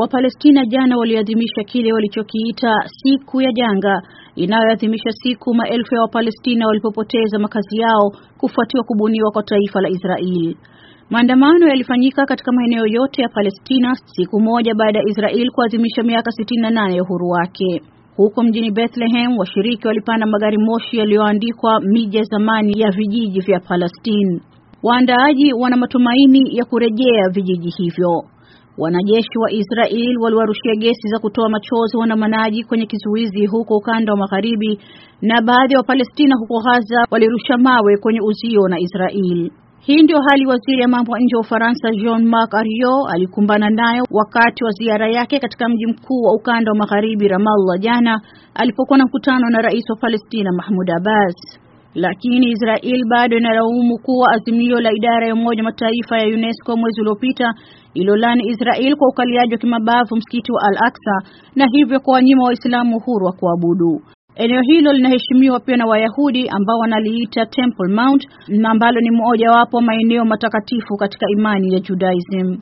Wapalestina jana waliadhimisha kile walichokiita siku ya janga inayoadhimisha siku maelfu ya Wapalestina walipopoteza makazi yao kufuatiwa kubuniwa kwa taifa la Israeli. Maandamano yalifanyika katika maeneo yote ya Palestina siku moja baada ya Israel kuadhimisha miaka 68 ya uhuru wake. Huko mjini Bethlehem, washiriki walipanda magari moshi yaliyoandikwa miji ya zamani ya vijiji vya Palestina. Waandaaji wana matumaini ya kurejea vijiji hivyo. Wanajeshi wa Israel waliwarushia gesi za kutoa machozi waandamanaji kwenye kizuizi huko ukanda wa magharibi na baadhi ya wa Wapalestina huko Gaza walirusha mawe kwenye uzio na Israel. Hii ndio hali waziri ya mambo ya nje wa Ufaransa Jean-Marc Ayrault alikumbana nayo wakati wa ziara yake katika mji mkuu wa ukanda wa magharibi Ramallah jana alipokuwa na mkutano na rais wa Palestina Mahmoud Abbas. Lakini Israel bado inalaumu kuwa azimio la idara ya Umoja Mataifa ya UNESCO mwezi uliopita ilolani Israel kwa ukaliaji wa kimabavu msikiti wa Al-Aqsa na hivyo kuwanyima Waislamu uhuru wa kuabudu. Eneo hilo linaheshimiwa pia na Wayahudi ambao wanaliita Temple Mount na ambalo ni mmojawapo wa maeneo matakatifu katika imani ya Judaism.